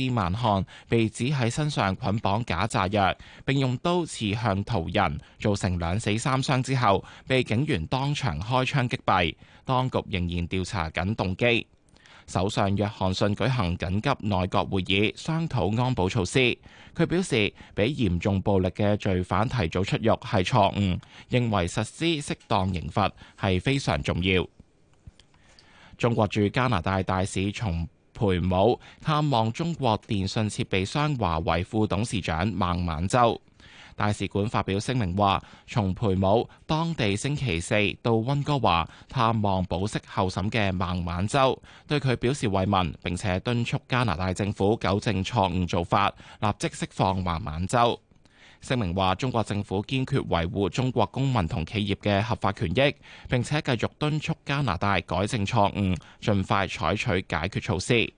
斯曼汗被指喺身上捆綁假炸藥，並用刀刺向途人，造成兩死三傷之後，被警員當場開槍擊斃。當局仍然調查緊動機。首相約翰遜舉行緊急內閣會議，商討安保措施。佢表示，俾嚴重暴力嘅罪犯提早出獄係錯誤，認為實施適當刑罰係非常重要。中國駐加拿大大使從培武探望中國電信設備商華為副董事長孟晚舟。大使館發表聲明話，從培武當地星期四到溫哥華探望保釋候審嘅孟晚舟，對佢表示慰問，並且敦促加拿大政府糾正錯誤做法，立即釋放孟晚舟。聲明話：中國政府堅決維護中國公民同企業嘅合法權益，並且繼續敦促加拿大改正錯誤，盡快採取解決措施。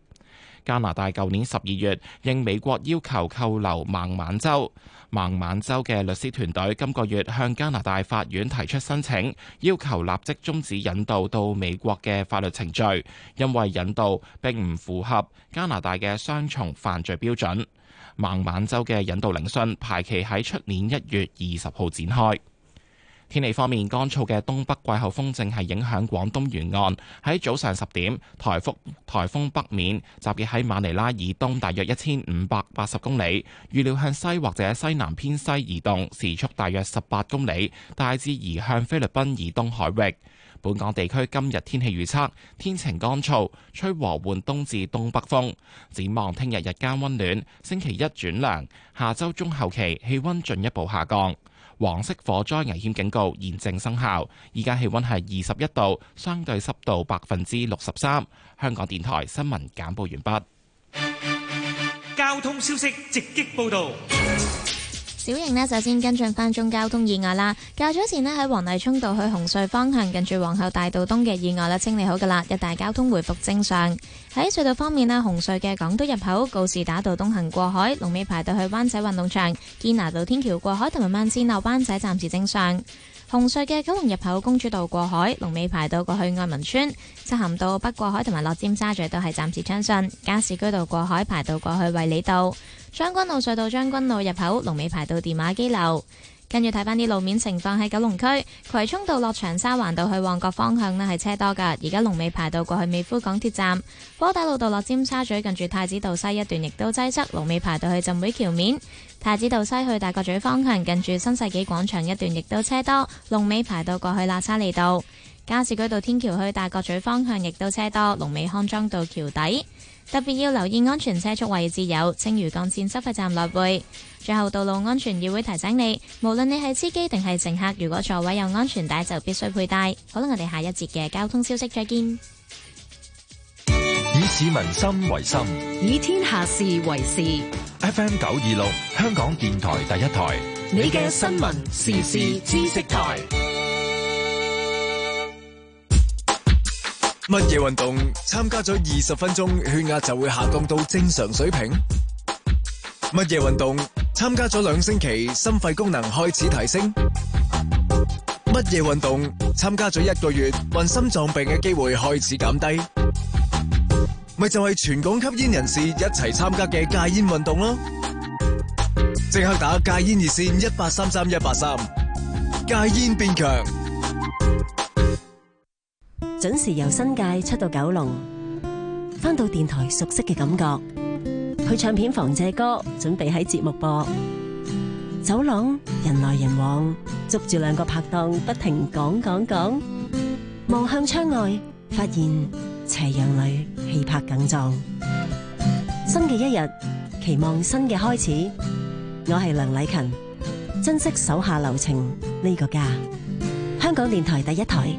加拿大舊年十二月應美國要求扣留孟晚舟，孟晚舟嘅律師團隊今個月向加拿大法院提出申請，要求立即終止引渡到美國嘅法律程序，因為引渡並唔符合加拿大嘅雙重犯罪標準。孟晚舟嘅引渡聆訊排期喺出年一月二十號展開。天氣方面，乾燥嘅東北季候風正係影響廣東沿岸。喺早上十點，台風台風北面集結喺馬尼拉以東，大約一千五百八十公里，預料向西或者西南偏西移動，時速大約十八公里，大致移向菲律賓以東海域。本港地區今日天氣預測，天晴乾燥，吹和緩東至東北風。展望聽日日間溫暖，星期一轉涼，下周中後期氣溫進一步下降。黃色火災危險警告現正生效。依家氣溫係二十一度，相對濕度百分之六十三。香港電台新聞簡報完畢。交通消息直擊報道。小型呢，首先跟進返宗交通意外啦。較早前呢，喺黃泥涌道去紅隧方向，近住皇后大道東嘅意外呢，清理好噶啦，一帶交通回復正常。喺隧道方面呢，紅隧嘅港島入口告士打道東行過海，龍尾排到去灣仔運動場，堅拿道天橋過海同埋慢線落灣仔暫時正常。紅隧嘅九龍入口公主道過海，龍尾排到過去愛民村，漆咸道北過海同埋落尖沙咀都係暫時暢順。加士居道過海排到過去衛理道。將軍路隧道，將軍路入口龍尾排到電話機樓。跟住睇返啲路面情況，喺九龍區葵涌道落長沙環道去旺角方向呢係車多㗎，而家龍尾排到過去美孚港鐵站。窩打老道落尖沙咀近住太子道西一段亦都擠塞，龍尾排到去浸會橋面。太子道西去大角咀方向近住新世紀廣場一段亦都車多，龍尾排到過去喇沙利道。加士居道天橋去大角咀方向亦都車多，龍尾康莊道橋底。特別要留意安全車速位置有青嶼幹線收費站來回。最後，道路安全議會提醒你，無論你係司機定係乘客，如果座位有安全帶就必須佩戴。好啦，我哋下一節嘅交通消息再見。以市民心為心，以天下事為事。FM 九二六，香港電台第一台，你嘅新聞時事知識台。乜嘢運動參加咗二十分鐘，血壓就會下降到正常水平？乜嘢運動參加咗兩星期，心肺功能開始提升？乜嘢運動參加咗一個月，患心臟病嘅機會開始減低？咪就係全港吸煙人士一齊參加嘅戒煙運動咯！即刻打戒煙熱線一八三三一八三，戒煙變強。準時由新界出到九龍，返到電台熟悉嘅感覺，去唱片房借歌，準備喺節目播。走廊人來人往，捉住兩個拍檔，不停講講講。望向窗外，發現斜陽裏氣魄更壯。新嘅一日，期望新嘅開始。我係梁禮勤，珍惜手下留情呢個家。香港電台第一台。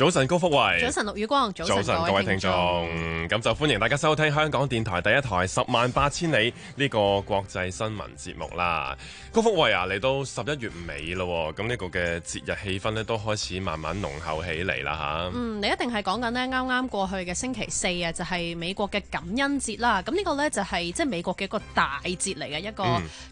早晨，高福慧，早晨，陸雨光。早晨，早晨各位聽眾，咁、嗯、就歡迎大家收聽香港電台第一台《十萬八千里》呢、這個國際新聞節目啦。高福慧啊，嚟到十一月尾咯，咁呢個嘅節日氣氛咧都開始慢慢濃厚起嚟啦吓。嗯，你一定係講緊咧啱啱過去嘅星期四啊，就係、是、美國嘅感恩節啦。咁呢個咧就係即係美國嘅一個大節嚟嘅一個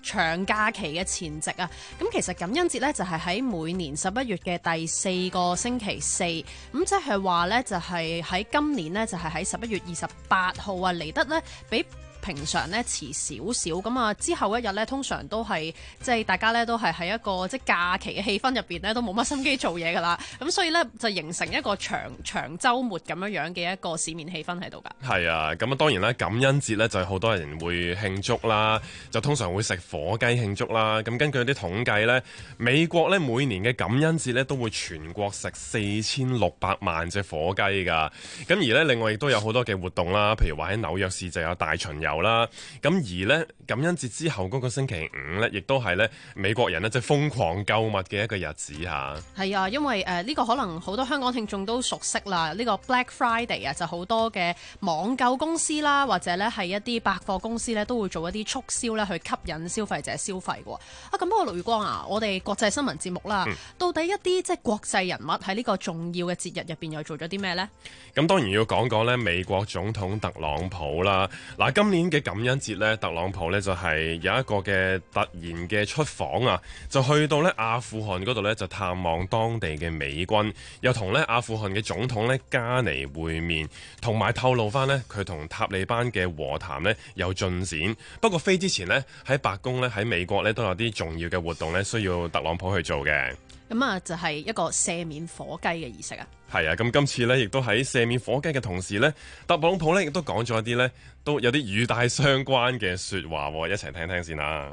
長假期嘅前夕啊。咁、嗯、其實感恩節咧就係、是、喺每年十一月嘅第四個星期四。咁即係話咧，就係、是、喺今年咧，就係喺十一月二十八號啊，嚟得咧俾。平常咧遲少少咁啊，之後一日咧通常都係即係大家咧都係喺一個即係假期嘅氣氛入邊咧都冇乜心機做嘢噶啦，咁所以咧就形成一個長長周末咁樣樣嘅一個市面氣氛喺度噶，係啊，咁啊當然啦，感恩節咧就係好多人會慶祝啦，就通常會食火雞慶祝啦。咁根據啲統計咧，美國咧每年嘅感恩節咧都會全國食四千六百萬隻火雞噶，咁而咧另外亦都有好多嘅活動啦，譬如話喺紐約市就有大巡遊。有啦，咁而咧感恩節之後嗰個星期五咧，亦都係咧美國人咧即係瘋狂購物嘅一個日子吓。係啊，因為誒呢、呃這個可能好多香港聽眾都熟悉啦，呢、這個 Black Friday 啊，就好多嘅網購公司啦，或者咧係一啲百貨公司呢，都會做一啲促銷咧去吸引消費者消費嘅、啊。啊，咁阿盧宇光啊，我哋國際新聞節目啦，嗯、到底一啲即係國際人物喺呢個重要嘅節日入邊又做咗啲咩呢？咁、嗯、當然要講講咧美國總統特朗普啦，嗱、啊、今年。今年嘅感恩節咧，特朗普咧就係有一個嘅突然嘅出訪啊，就去到咧阿富汗嗰度咧，就探望當地嘅美軍，又同咧阿富汗嘅總統咧加尼會面，同埋透露翻咧佢同塔利班嘅和談咧有進展。不過飛之前咧喺白宮咧喺美國咧都有啲重要嘅活動咧需要特朗普去做嘅。咁啊，就係一個赦免火雞嘅儀式啊！係啊，咁今次咧，亦都喺赦免火雞嘅同時咧，特朗普咧亦都講咗一啲咧都有啲語帶相關嘅説話，啊，一齊聽聽先啦。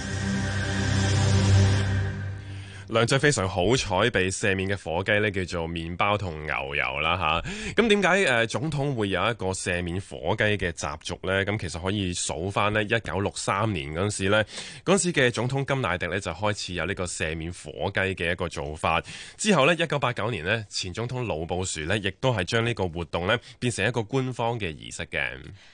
兩隻非常好彩被赦免嘅火雞咧，叫做麵包同牛油啦吓，咁點解誒總統會有一個赦免火雞嘅習俗咧？咁其實可以數返咧，一九六三年嗰陣時咧，嗰陣時嘅總統甘迺迪咧就開始有呢個赦免火雞嘅一個做法。之後咧，一九八九年咧，前總統老布殊咧亦都係將呢個活動咧變成一個官方嘅儀式嘅。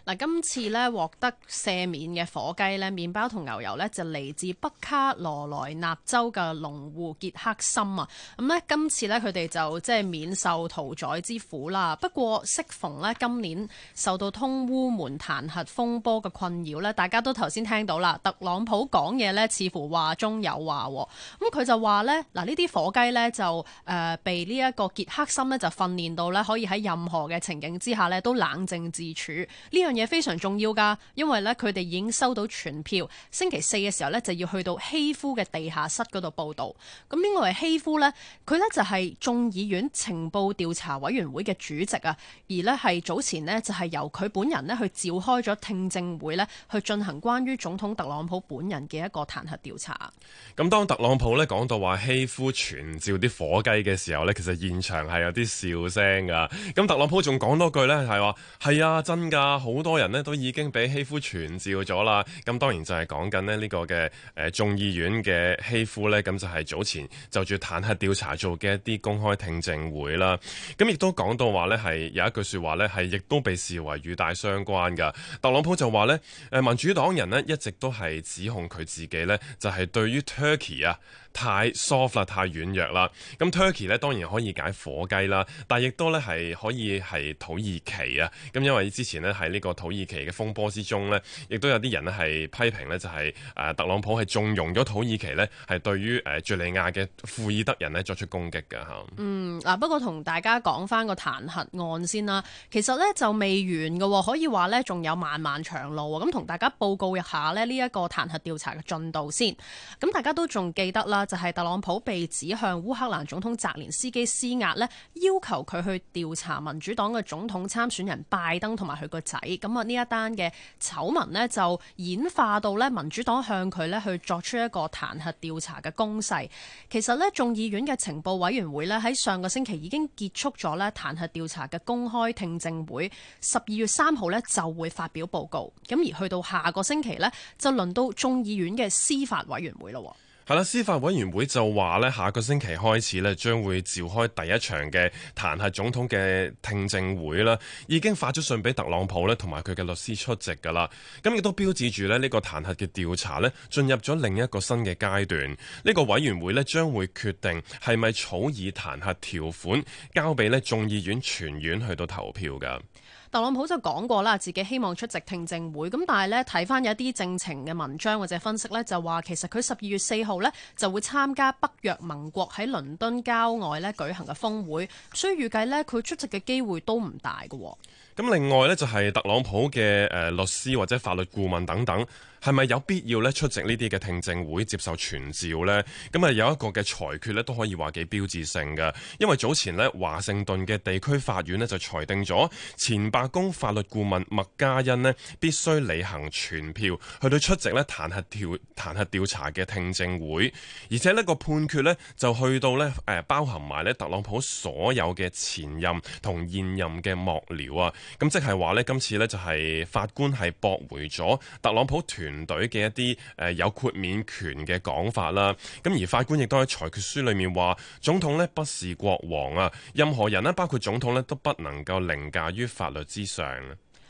嗱，今次咧獲得赦免嘅火雞咧，麵包同牛油咧就嚟自北卡羅來納州嘅農戶。傑克森啊，咁呢今次呢，佢哋就即係免受屠宰之苦啦。不過適逢咧今年受到通烏門彈劾風波嘅困擾咧，大家都頭先聽到啦，特朗普講嘢呢，似乎話中有話咁，佢就話呢，嗱呢啲火雞呢，就、呃、誒被呢一個傑克森呢就訓練到呢可以喺任何嘅情景之下呢都冷靜自處，呢樣嘢非常重要噶，因為呢，佢哋已經收到傳票，星期四嘅時候呢，就要去到希夫嘅地下室嗰度報道。咁呢個係希夫呢，佢呢就係眾議院情報調查委員會嘅主席啊，而呢係早前呢就係由佢本人呢去召開咗聽證會呢，去進行關於總統特朗普本人嘅一個彈劾調查。咁當特朗普呢講到話希夫傳召啲火雞嘅時候呢，其實現場係有啲笑聲噶。咁特朗普仲講多句呢，係話係啊，真㗎，好多人呢都已經俾希夫傳召咗啦。咁當然就係講緊呢呢個嘅誒、呃、眾議院嘅希夫呢，咁就係做。早前就住彈劾調查做嘅一啲公開聽證會啦，咁亦都講到話呢，係有一句説話呢，係亦都被視為與大相關噶。特朗普就話呢誒，民主黨人呢一直都係指控佢自己呢，就係對於 Turkey 啊。太 soft 啦，太軟弱啦。咁 Turkey 呢，當然可以解火雞啦，但亦都咧係可以係土耳其啊。咁因為之前呢，喺呢個土耳其嘅風波之中呢，亦都有啲人咧係批評呢、就是，就係誒特朗普係縱容咗土耳其呢，係對於誒敍利亞嘅庫爾德人呢作出攻擊㗎嚇。嗯，嗱不過同大家講翻個彈劾案先啦，其實呢就未完㗎，可以話呢，仲有漫漫長路喎。咁同大家報告一下呢，呢一個彈劾調查嘅進度先。咁大家都仲記得啦。就係特朗普被指向烏克蘭總統澤連斯基施壓呢，要求佢去調查民主黨嘅總統參選人拜登同埋佢個仔。咁啊，呢一單嘅醜聞呢，就演化到呢民主黨向佢呢去作出一個彈劾調查嘅攻勢。其實呢，眾議院嘅情報委員會呢，喺上個星期已經結束咗呢彈劾調查嘅公開聽證會，十二月三號呢就會發表報告。咁而去到下個星期呢，就輪到眾議院嘅司法委員會咯。係啦，司法委員會就話咧，下個星期開始咧，將會召開第一場嘅彈劾總統嘅聽證會啦。已經發咗信俾特朗普咧，同埋佢嘅律師出席噶啦。咁亦都標誌住咧，呢個彈劾嘅調查咧，進入咗另一個新嘅階段。呢個委員會咧，將會決定係咪草擬彈劾條款，交俾咧眾議院全院去到投票噶。特朗普就講過啦，自己希望出席聽證會。咁但係呢，睇翻有一啲政情嘅文章或者分析呢，就話其實佢十二月四號呢就會參加北約盟國喺倫敦郊外呢舉行嘅峰會，所以預計呢，佢出席嘅機會都唔大㗎。咁另外呢，就係特朗普嘅誒律師或者法律顧問等等。係咪有必要咧出席呢啲嘅聽證會接受傳召呢？咁啊，有一個嘅裁決咧都可以話幾標誌性嘅，因為早前呢，華盛頓嘅地區法院呢就裁定咗前白宮法律顧問麥嘉欣呢必須履行傳票，去到出席呢彈劾調彈劾調查嘅聽證會，而且呢個判決呢就去到咧誒、呃、包含埋咧特朗普所有嘅前任同現任嘅幕僚啊，咁即係話呢，今次呢就係、是、法官係駁回咗特朗普團。團隊嘅一啲誒、呃、有豁免權嘅講法啦，咁而法官亦都喺裁決書裏面話，總統呢不是國王啊，任何人呢包括總統呢都不能夠凌駕於法律之上。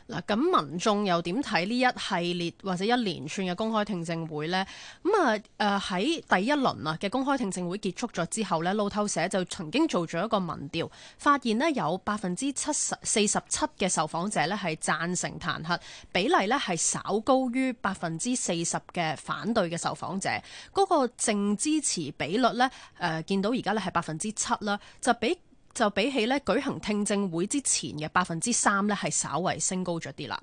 嗱，咁民眾又點睇呢一系列或者一連串嘅公開聽證會呢？咁、嗯、啊，誒、呃、喺第一輪啊嘅公開聽證會結束咗之後呢，路透社就曾經做咗一個民調，發現呢有百分之七十四十七嘅受訪者呢係贊成彈劾，比例呢係稍高於百分之四十嘅反對嘅受訪者，嗰、那個淨支持比率呢，誒、呃、見到而家呢係百分之七啦，就比就比起咧舉行聽證會之前嘅百分之三咧，係稍微升高咗啲啦。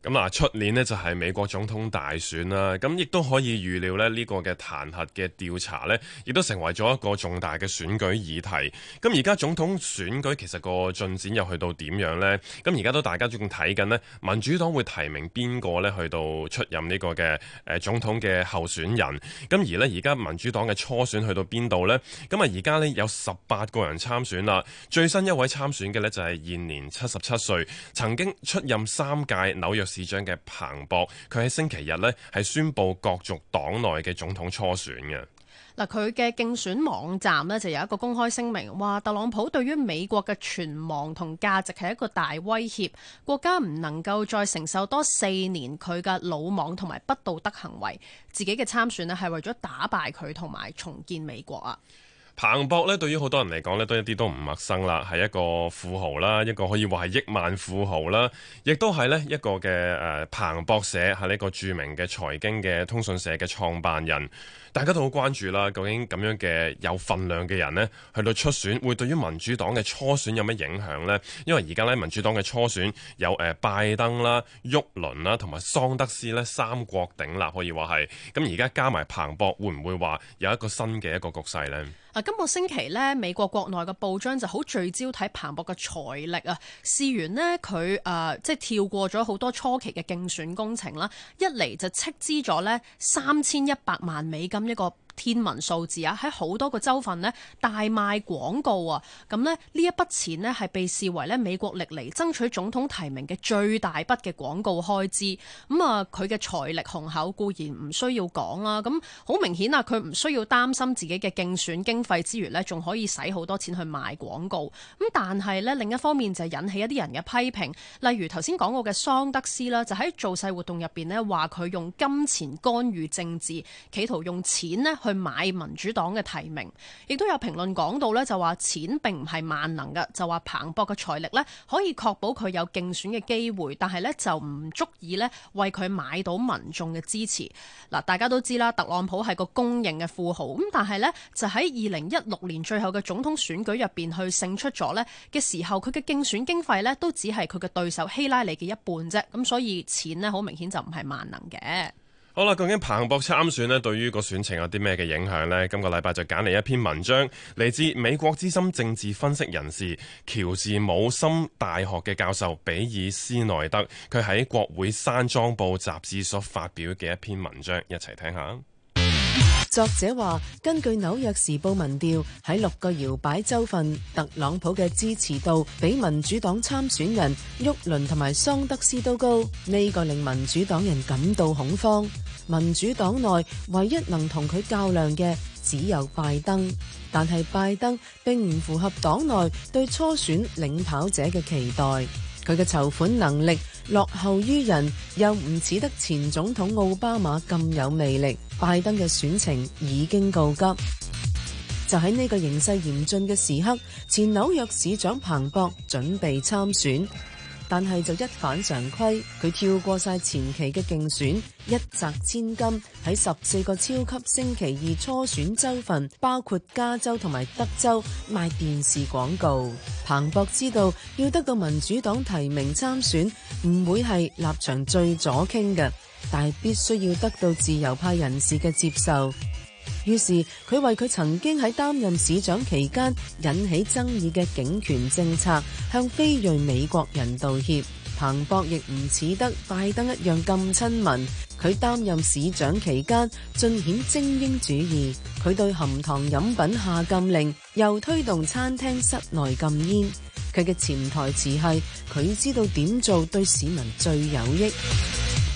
咁啊，出年咧就係美國總統大選啦，咁亦都可以預料咧呢個嘅彈劾嘅調查咧，亦都成為咗一個重大嘅選舉議題，咁而家總統選舉其實個進展又去到點樣咧？咁而家都大家仲睇緊咧，民主黨會提名邊個咧去到出任呢個嘅誒總統嘅候選人？咁而咧而家民主黨嘅初選去到邊度咧？咁啊而家咧有十八個人參選啦，最新一位參選嘅咧就係現年七十七歲曾經出任三屆紐約。市長嘅彭博，佢喺星期日呢係宣布各族黨內嘅總統初選嘅。嗱，佢嘅競選網站呢，就有一個公開聲明，話特朗普對於美國嘅存亡同價值係一個大威脅，國家唔能夠再承受多四年佢嘅魯莽同埋不道德行為，自己嘅參選呢，係為咗打敗佢同埋重建美國啊。彭博咧，對於好多人嚟講咧，都一啲都唔陌生啦，係一個富豪啦，一個可以話係億萬富豪啦，亦都係咧一個嘅誒、呃、彭博社係呢一個著名嘅財經嘅通訊社嘅創辦人，大家都好關注啦。究竟咁樣嘅有份量嘅人咧，去到初選會對於民主黨嘅初選有咩影響呢？因為而家咧民主黨嘅初選有誒、呃、拜登啦、沃倫啦、同埋桑德斯咧，三國鼎立可以話係。咁而家加埋彭博，會唔會話有一個新嘅一個局勢呢？今個星期咧，美國國內嘅報章就好聚焦睇彭博嘅財力啊。事源咧佢誒，即係跳過咗好多初期嘅競選工程啦，一嚟就斥資咗咧三千一百萬美金一個。天文數字啊！喺好多個州份呢大賣廣告啊，咁呢，呢一筆錢呢係被視為咧美國歷嚟爭取總統提名嘅最大筆嘅廣告開支。咁、嗯、啊，佢嘅財力雄厚固然唔需要講啦、啊。咁、嗯、好明顯啊，佢唔需要擔心自己嘅競選經費之餘呢，仲可以使好多錢去賣廣告。咁、嗯、但係呢，另一方面就係引起一啲人嘅批評，例如頭先講過嘅桑德斯啦，就喺造勢活動入邊呢，話佢用金錢干預政治，企圖用錢咧去去買民主黨嘅提名，亦都有評論講到呢就話錢並唔係萬能嘅，就話彭博嘅財力呢可以確保佢有競選嘅機會，但係呢就唔足以呢為佢買到民眾嘅支持。嗱，大家都知啦，特朗普係個公認嘅富豪，咁但係呢就喺二零一六年最後嘅總統選舉入邊去勝出咗呢嘅時候，佢嘅競選經費呢都只係佢嘅對手希拉里嘅一半啫，咁所以錢呢，好明顯就唔係萬能嘅。好啦，究竟彭博參選咧，對於個選情有啲咩嘅影響呢？今個禮拜就揀嚟一篇文章，嚟自美國資深政治分析人士喬治姆森大學嘅教授比爾斯奈德，佢喺國會山莊報雜誌所發表嘅一篇文章，一齊聽下。作者話：根據紐約時報民調，喺六個搖擺州份，特朗普嘅支持度比民主黨參選人沃倫同埋桑德斯都高。呢個令民主黨人感到恐慌。民主黨內唯一能同佢較量嘅只有拜登，但係拜登並唔符合黨內對初選領跑者嘅期待。佢嘅籌款能力，落後於人，又唔似得前總統奧巴馬咁有魅力。拜登嘅選情已經告急。就喺呢個形勢嚴峻嘅時刻，前紐約市長彭博準備參選。但係就一反常規，佢跳過晒前期嘅競選，一擲千金喺十四個超級星期二初選州份，包括加州同埋德州賣電視廣告。彭博知道要得到民主黨提名參選，唔會係立場最左傾嘅，但係必須要得到自由派人士嘅接受。於是佢為佢曾經喺擔任市長期間引起爭議嘅警權政策向非裔美國人道歉。彭博亦唔似得拜登一樣咁親民，佢擔任市長期間盡顯精英主義。佢對含糖飲品下禁令，又推動餐廳室內禁煙。佢嘅潛台詞係：佢知道點做對市民最有益。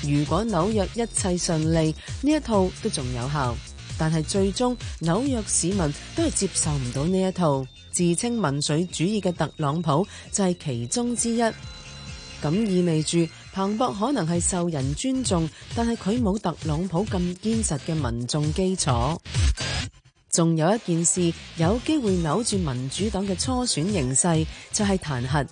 如果紐約一切順利，呢一套都仲有效。但係最終紐約市民都係接受唔到呢一套，自稱民粹主義嘅特朗普就係其中之一。咁意味住彭博可能係受人尊重，但係佢冇特朗普咁堅實嘅民眾基礎。仲有一件事有機會扭住民主黨嘅初選形勢，就係彈劾。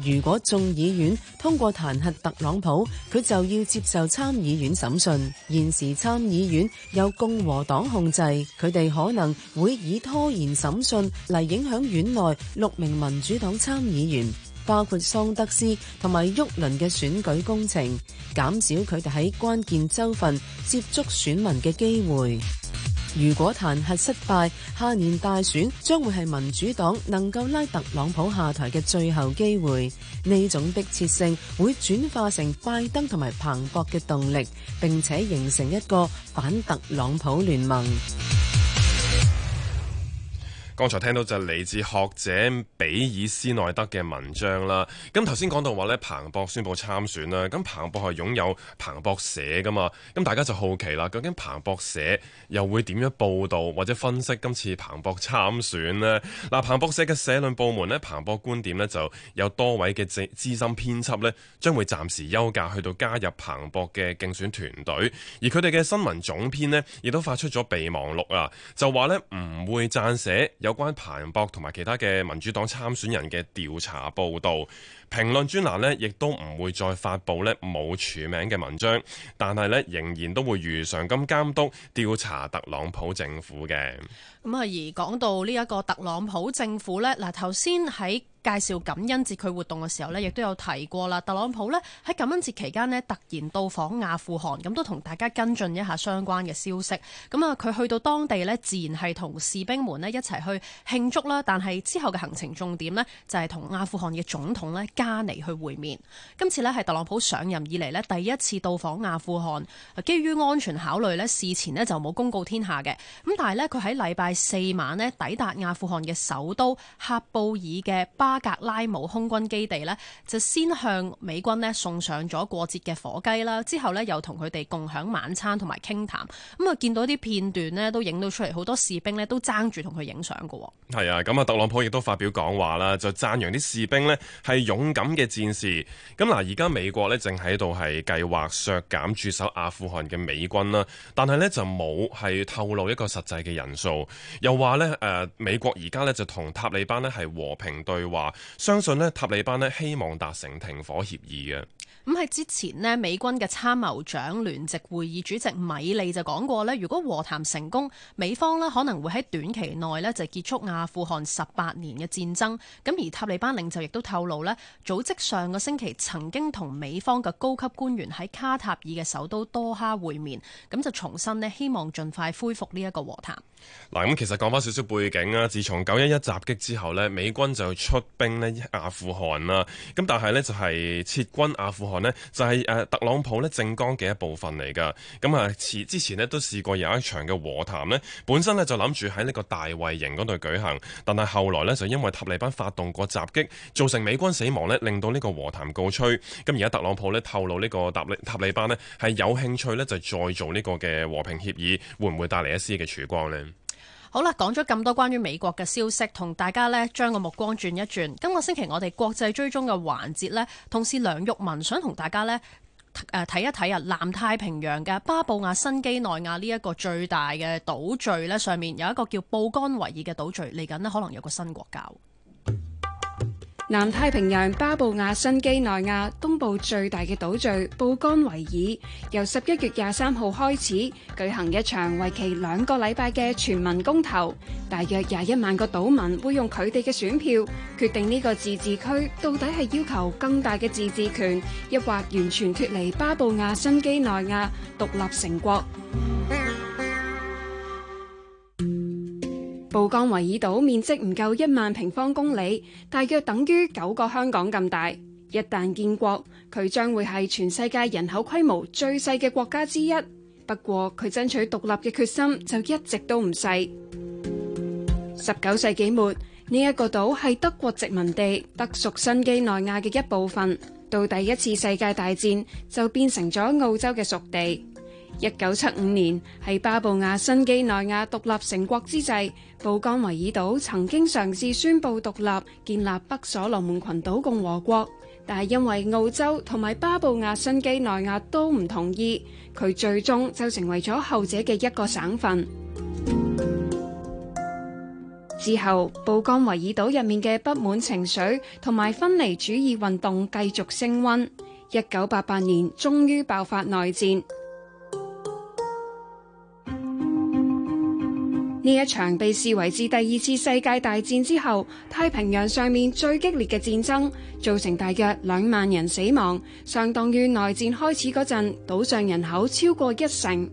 如果眾議院通過彈劾特朗普，佢就要接受參議院審訊。現時參議院由共和黨控制，佢哋可能會以拖延審訊嚟影響院內六名民主黨參議員，包括桑德斯同埋沃倫嘅選舉工程，減少佢哋喺關鍵州份接觸選民嘅機會。如果彈劾失敗，下年大選將會係民主黨能夠拉特朗普下台嘅最後機會，呢種迫切性會轉化成拜登同埋彭博嘅動力，並且形成一個反特朗普聯盟。剛才聽到就嚟自學者比爾斯內德嘅文章啦。咁頭先講到話呢，彭博宣布參選啦。咁彭博係擁有彭博社噶嘛。咁大家就好奇啦，究竟彭博社又會點樣報導或者分析今次彭博參選呢？嗱，彭博社嘅社論部門呢，彭博觀點呢，就有多位嘅資深編輯呢，將會暫時休假去到加入彭博嘅競選團隊。而佢哋嘅新聞總編呢，亦都發出咗備忘錄啊，就話呢：「唔會撰寫有關彭博同埋其他嘅民主黨參選人嘅調查報導。評論專欄呢，亦都唔會再發布呢冇署名嘅文章，但係呢，仍然都會如常咁監督調查特朗普政府嘅。咁啊，而講到呢一個特朗普政府呢，嗱頭先喺介紹感恩節佢活動嘅時候呢，亦都有提過啦。特朗普呢，喺感恩節期間呢，突然到訪阿富汗，咁都同大家跟進一下相關嘅消息。咁啊，佢去到當地呢，自然係同士兵們呢一齊去慶祝啦。但係之後嘅行程重點呢，就係同阿富汗嘅總統呢。加尼去會面，今次呢係特朗普上任以嚟呢第一次到訪阿富汗。基於安全考慮呢，事前呢就冇公告天下嘅。咁但係呢，佢喺禮拜四晚呢抵達阿富汗嘅首都喀布爾嘅巴格拉姆空軍基地呢，就先向美軍呢送上咗過節嘅火雞啦。之後呢，又同佢哋共享晚餐同埋傾談。咁啊，見到啲片段呢，都影到出嚟，好多士兵呢都爭住同佢影相嘅。係啊，咁啊，特朗普亦都發表講話啦，就讚揚啲士兵呢係勇。勇敢嘅戰士，咁嗱，而家美國呢正喺度係計劃削減駐守阿富汗嘅美軍啦，但係呢，就冇係透露一個實際嘅人數，又話呢，誒美國而家呢，就同塔利班呢係和平對話，相信呢，塔利班呢希望達成停火協議嘅。咁喺之前呢，美軍嘅參謀長聯席會議主席米利就講過呢，如果和談成功，美方呢可能會喺短期內呢就結束阿富汗十八年嘅戰爭。咁而塔利班領袖亦都透露呢，組織上個星期曾經同美方嘅高級官員喺卡塔爾嘅首都多哈會面，咁就重新呢希望盡快恢復呢一個和談。嗱，咁其實講翻少少背景啦，自從九一一襲擊之後呢，美軍就出兵呢阿富汗啦，咁但係呢，就係撤軍阿富汗。咧就係誒特朗普咧政綱嘅一部分嚟㗎，咁啊前之前咧都試過有一場嘅和談咧，本身咧就諗住喺呢個大衛營嗰度舉行，但係後來咧就因為塔利班發動過襲擊，造成美軍死亡咧，令到呢個和談告吹。咁而家特朗普咧透露呢個塔利塔利班咧係有興趣咧就再做呢個嘅和平協議，會唔會帶嚟一絲嘅曙光呢？好啦，講咗咁多關於美國嘅消息，同大家呢將個目光轉一轉。今個星期我哋國際追蹤嘅環節呢，同事梁玉文想同大家呢誒睇、呃、一睇啊，南太平洋嘅巴布亞新畿內亞呢一個最大嘅島嶼呢，上面有一個叫布干維爾嘅島嶼，嚟緊呢，可能有個新國家。南太平洋巴布亞新畿內亞東部最大嘅島嶼布干維爾，由十一月廿三號開始舉行一場，為期兩個禮拜嘅全民公投，大約廿一萬個島民會用佢哋嘅選票決定呢個自治區到底係要求更大嘅自治權，抑或完全脫離巴布亞新畿內亞獨立成國。布江維爾島面積唔夠一萬平方公里，大約等於九個香港咁大。一旦建國，佢將會係全世界人口規模最細嘅國家之一。不過佢爭取獨立嘅決心就一直都唔細。十九世紀末，呢一個島係德國殖民地德屬新幾內亞嘅一部分。到第一次世界大戰就變成咗澳洲嘅屬地。一九七五年係巴布亞新幾內亞獨立成國之際。布干維爾島曾經嘗試宣佈獨立，建立北所羅門群島共和國，但係因為澳洲同埋巴布亞新幾內亞都唔同意，佢最終就成為咗後者嘅一個省份。之後，布干維爾島入面嘅不滿情緒同埋分離主義運動繼續升溫，一九八八年終於爆發內戰。呢一場被視為自第二次世界大戰之後太平洋上面最激烈嘅戰爭，造成大約兩萬人死亡，相當於內戰開始嗰陣島上人口超過一成。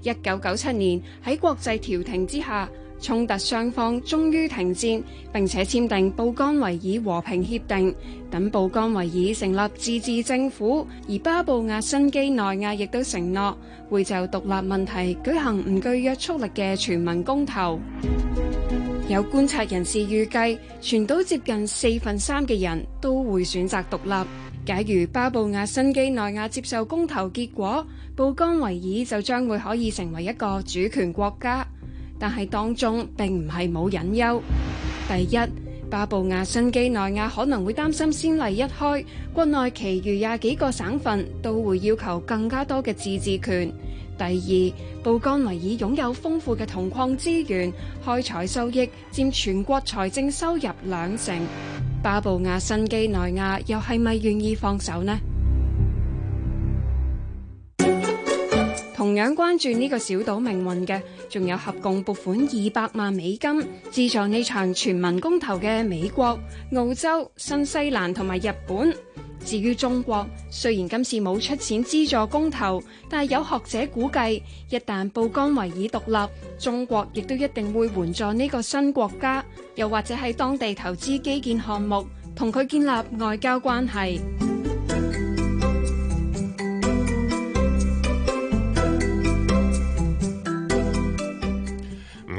一九九七年喺國際調停之下，衝突雙方終於停戰，並且簽訂布干維爾和平協定，等布干維爾成立自治政府，而巴布亞新畿內亞亦都承諾會就獨立問題舉行唔具約束力嘅全民公投。有觀察人士預計，全島接近四分三嘅人都會選擇獨立。假如巴布亞新畿內亞接受公投結果，布干維爾就將會可以成為一個主權國家。但係當中並唔係冇隱憂。第一，巴布亞新幾內亞可能會擔心先例一開，國內其餘廿幾個省份都會要求更加多嘅自治權。第二，布干維爾擁有豐富嘅銅礦資源，開採收益佔全國財政收入兩成。巴布亞新幾內亞又係咪願意放手呢？同樣關注呢個小島命運嘅，仲有合共撥款二百萬美金資助呢場全民公投嘅美國、澳洲、新西蘭同埋日本。至於中國，雖然今次冇出錢資助公投，但係有學者估計，一旦布干維爾獨立，中國亦都一定會援助呢個新國家，又或者喺當地投資基建項目，同佢建立外交關係。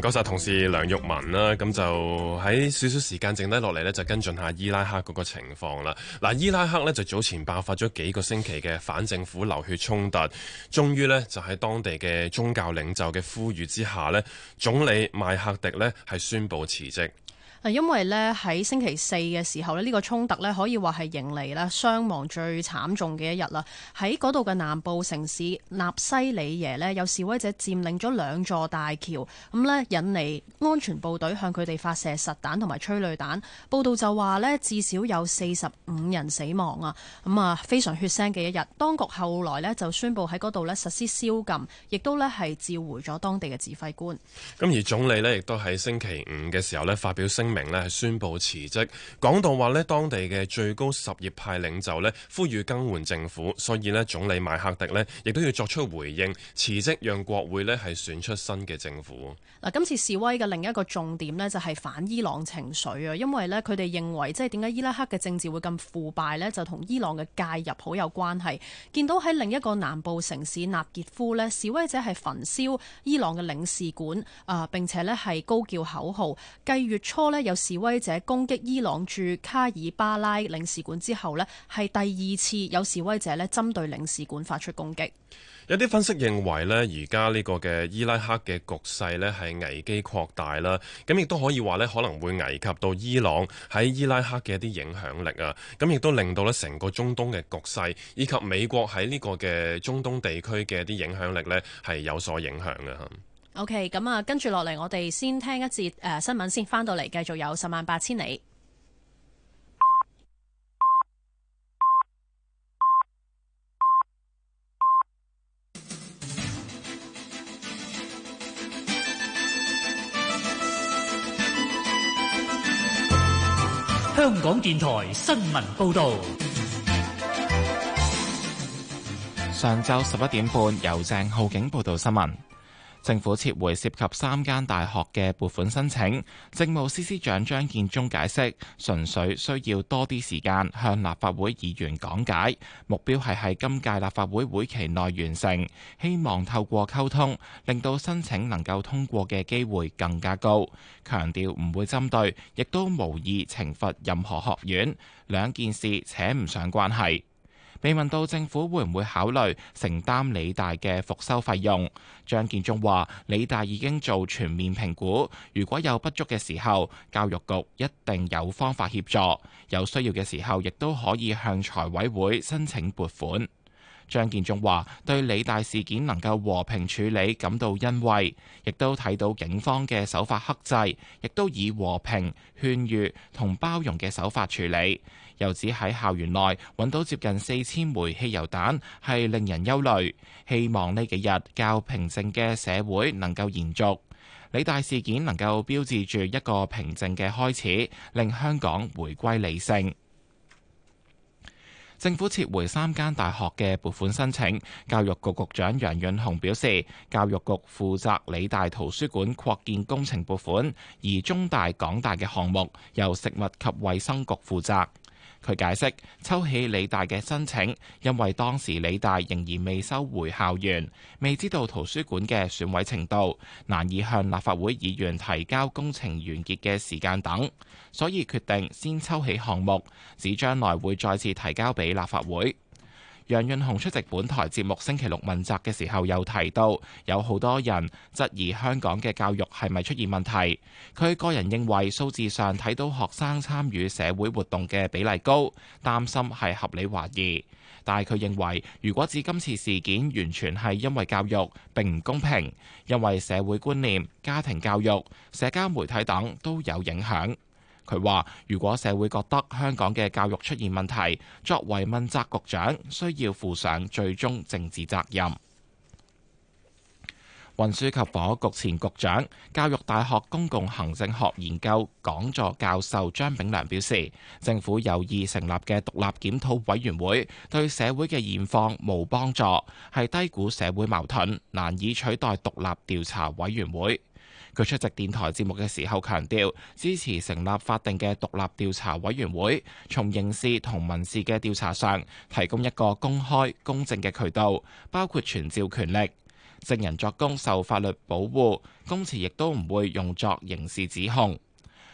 多謝同事梁玉文啦，咁就喺少少時間剩低落嚟咧，就跟進下伊拉克嗰個情況啦。嗱，伊拉克咧就早前爆發咗幾個星期嘅反政府流血衝突，終於咧就喺當地嘅宗教領袖嘅呼籲之下咧，總理麥克迪咧係宣布辭職。因為咧喺星期四嘅時候咧，呢個衝突咧可以話係迎嚟咧傷亡最慘重嘅一日啦。喺嗰度嘅南部城市納西里耶咧，有示威者佔領咗兩座大橋，咁咧引嚟安全部隊向佢哋發射實彈同埋催淚彈。報道就話咧至少有四十五人死亡啊，咁啊非常血腥嘅一日。當局後來咧就宣布喺嗰度咧實施宵禁，亦都咧係召回咗當地嘅指揮官。咁而總理咧亦都喺星期五嘅時候咧發表聲明呢係宣布辭職，講到話咧當地嘅最高什葉派領袖咧呼籲更換政府，所以咧總理麥克迪咧亦都要作出回應辭職讓國會咧係選出新嘅政府。嗱，今次示威嘅另一個重點咧就係反伊朗情緒啊，因為咧佢哋認為即係點解伊拉克嘅政治會咁腐敗咧，就同伊朗嘅介入好有關係。見到喺另一個南部城市納傑夫咧，示威者係焚燒伊朗嘅領事館啊，並且咧係高叫口號，繼月初咧。有示威者攻擊伊朗駐卡爾巴拉領事館之後呢，係第二次有示威者咧針對領事館發出攻擊。有啲分析認為呢，而家呢個嘅伊拉克嘅局勢咧係危機擴大啦，咁亦都可以話呢可能會危及到伊朗喺伊拉克嘅一啲影響力啊，咁亦都令到呢成個中東嘅局勢以及美國喺呢個嘅中東地區嘅一啲影響力呢係有所影響嘅。OK，咁啊，okay，跟住落嚟，我哋先聽一節誒、呃、新聞先，翻到嚟繼續有十萬八千里。香港電台新聞報道，上晝十一點半，由鄭浩景報道新聞。政府撤回涉及三間大學嘅撥款申請，政務司司長張建宗解釋，純粹需要多啲時間向立法會議員講解，目標係喺今屆立法會會期內完成，希望透過溝通，令到申請能夠通過嘅機會更加高。強調唔會針對，亦都無意懲罰任何學院。兩件事扯唔上關係。被問到政府會唔會考慮承擔理大嘅復修費用，張建宗話：理大已經做全面評估，如果有不足嘅時候，教育局一定有方法協助，有需要嘅時候亦都可以向財委會申請撥款。張建宗話：對理大事件能夠和平處理感到欣慰，亦都睇到警方嘅手法克制，亦都以和平勸喻同包容嘅手法處理。又指喺校園內揾到接近四千枚汽油彈，係令人憂慮，希望呢幾日較平靜嘅社會能夠延續，理大事件能夠標誌住一個平靜嘅開始，令香港回歸理性。政府撤回三間大學嘅撥款申請，教育局局長楊潤雄表示，教育局負責理大圖書館擴建工程撥款，而中大、港大嘅項目由食物及衛生局負責。佢解釋抽起理大嘅申請，因為當時理大仍然未收回校園，未知道圖書館嘅損毀程度，難以向立法會議員提交工程完結嘅時間等，所以決定先抽起項目，指將來會再次提交俾立法會。楊潤雄出席本台節目星期六問責嘅時候，又提到有好多人質疑香港嘅教育係咪出現問題。佢個人認為數字上睇到學生參與社會活動嘅比例高，擔心係合理懷疑。但係佢認為如果指今次事件完全係因為教育，並唔公平，因為社會觀念、家庭教育、社交媒體等都有影響。佢話：如果社會覺得香港嘅教育出現問題，作為問責局長，需要負上最終政治責任。運輸及房屋局前局長、教育大學公共行政學研究講座教授張炳良表示，政府有意成立嘅獨立檢討委員會對社會嘅現況無幫助，係低估社會矛盾，難以取代獨立調查委員會。佢出席電台節目嘅時候強調支持成立法定嘅獨立調查委員會，從刑事同民事嘅調查上提供一個公開公正嘅渠道，包括傳召權力、證人作供受法律保護，供詞亦都唔會用作刑事指控。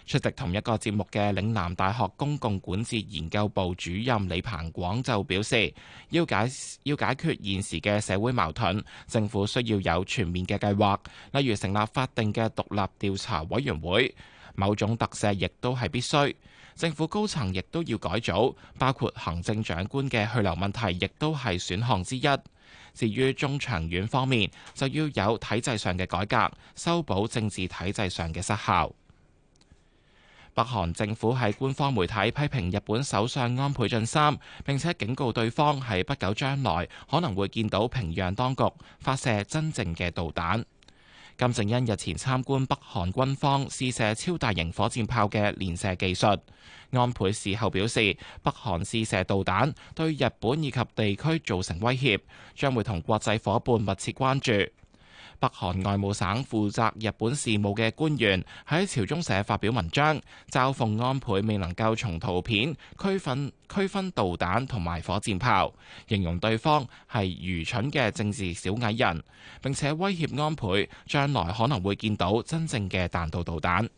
出席同一個節目嘅嶺南大學公共管治研究部主任李彭廣就表示，要解要解決現時嘅社會矛盾，政府需要有全面嘅計劃，例如成立法定嘅獨立調查委員會，某種特赦亦都係必須。政府高層亦都要改組，包括行政長官嘅去留問題，亦都係選項之一。至於中長遠方面，就要有體制上嘅改革，修補政治體制上嘅失效。北韓政府喺官方媒體批評日本首相安倍晉三，並且警告對方喺不久將來可能會見到平壤當局發射真正嘅導彈。金正恩日前參觀北韓軍方試射超大型火箭炮嘅連射技術，安倍事後表示，北韓試射導彈對日本以及地區造成威脅，將會同國際伙伴密切關注。北韓外務省負責日本事務嘅官員喺朝中社發表文章，嘲諷安倍未能夠從圖片區分區分導彈同埋火箭炮，形容對方係愚蠢嘅政治小矮人，並且威脅安倍將來可能會見到真正嘅彈道導彈。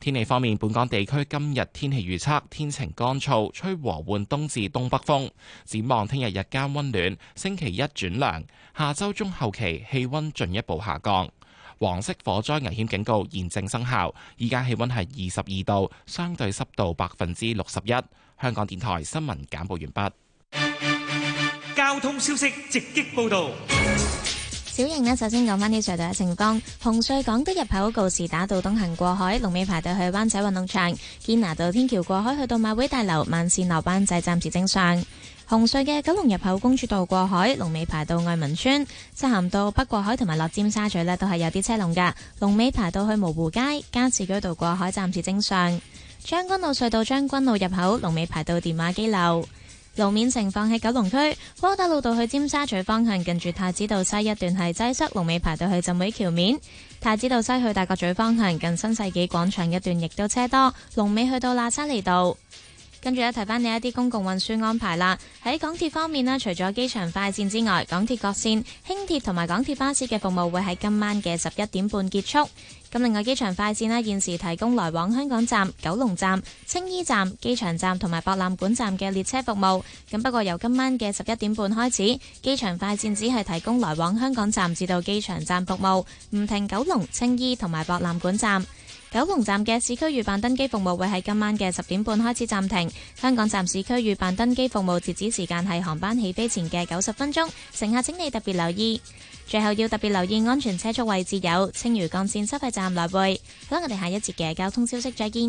天氣方面，本港地區今日天氣預測天晴乾燥，吹和緩東至東北風。展望聽日日間温暖，星期一轉涼，下周中後期氣温進一步下降。黃色火災危險警告現正生效。依家氣温係二十二度，相對濕度百分之六十一。香港電台新聞簡報完畢。交通消息直擊報道。小型呢，首先講翻啲隧道嘅情況。紅隧港島入口告士打道東行，過海，龍尾排到去灣仔運動場；堅拿道天橋過海去到馬會大樓，慢線落灣仔暫時正常。紅隧嘅九龍入口公主道過海，龍尾排到愛民村；漆咸道北過海同埋落尖沙咀呢，都係有啲車龍噶。龍尾排到去蕪湖街，加士居道過海暫時正常。將軍澳隧道將軍澳入口龍尾排到電話機樓。路面情況喺九龍區，窩打老道去尖沙咀方向，近住太子道西一段係擠塞，龍尾排到去浸會橋面；太子道西去大角咀方向，近新世紀廣場一段亦都車多，龍尾去到喇沙尼道。跟住咧，提翻你一啲公共運輸安排啦。喺港鐵方面咧，除咗機場快線之外，港鐵各線、輕鐵同埋港鐵巴士嘅服務會喺今晚嘅十一點半結束。咁另外機場快線呢現時提供來往香港站、九龍站、青衣站、機場站同埋博覽館站嘅列車服務。咁不過由今晚嘅十一點半開始，機場快線只係提供來往香港站至到機場站服務，唔停九龍、青衣同埋博覽館站。九龍站嘅市區預辦登機服務會喺今晚嘅十點半開始暫停。香港站市區預辦登機服務截止時間係航班起飛前嘅九十分鐘，乘客請你特別留意。最後要特別留意安全車速位置，有青嶼幹線收費站來回。好啦，我哋下一節嘅交通消息再見。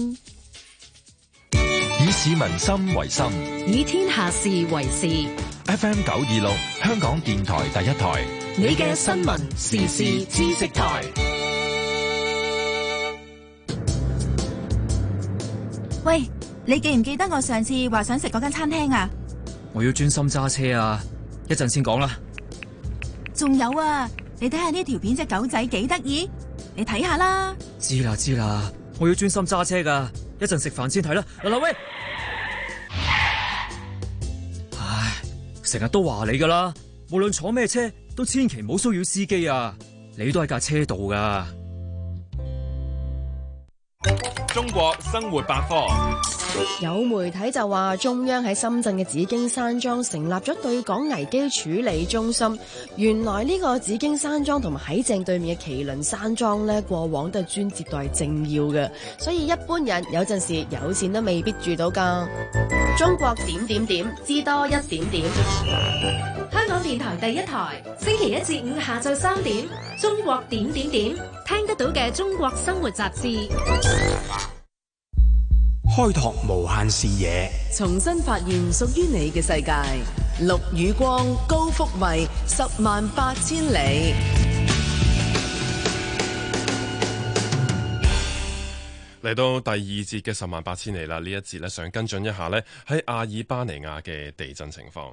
以市民心為心，以天下事為事。FM 九二六，26，香港電台第一台。你嘅新聞時事知識台。喂，你記唔記得我上次話想食嗰間餐廳啊？我要專心揸車啊，一陣先講啦。仲有啊，你睇下呢條片隻狗仔幾得意，你睇下啦。知啦知啦，我要專心揸車㗎，一陣食飯先睇啦。嗱嗱喂，唉，成日都話你㗎喇，無論坐咩車都千祈唔好騷擾司機啊。你都喺架車度㗎。中國生活百科。有媒體就話中央喺深圳嘅紫荊山莊成立咗對港危機處理中心。原來呢個紫荊山莊同埋喺正對面嘅麒麟山莊呢，過往都係專接待政要嘅，所以一般人有陣時有錢都未必住到㗎。中國點點點，知多一點點。香港電台第一台，星期一至五下晝三點，中國點點點，聽得到嘅中國生活雜誌。開拓無限視野，重新發現屬於你嘅世界。陸宇光，高福慧，十萬八千里。嚟到第二節嘅十萬八千里啦！呢一節咧想跟進一下咧，喺阿爾巴尼亞嘅地震情況。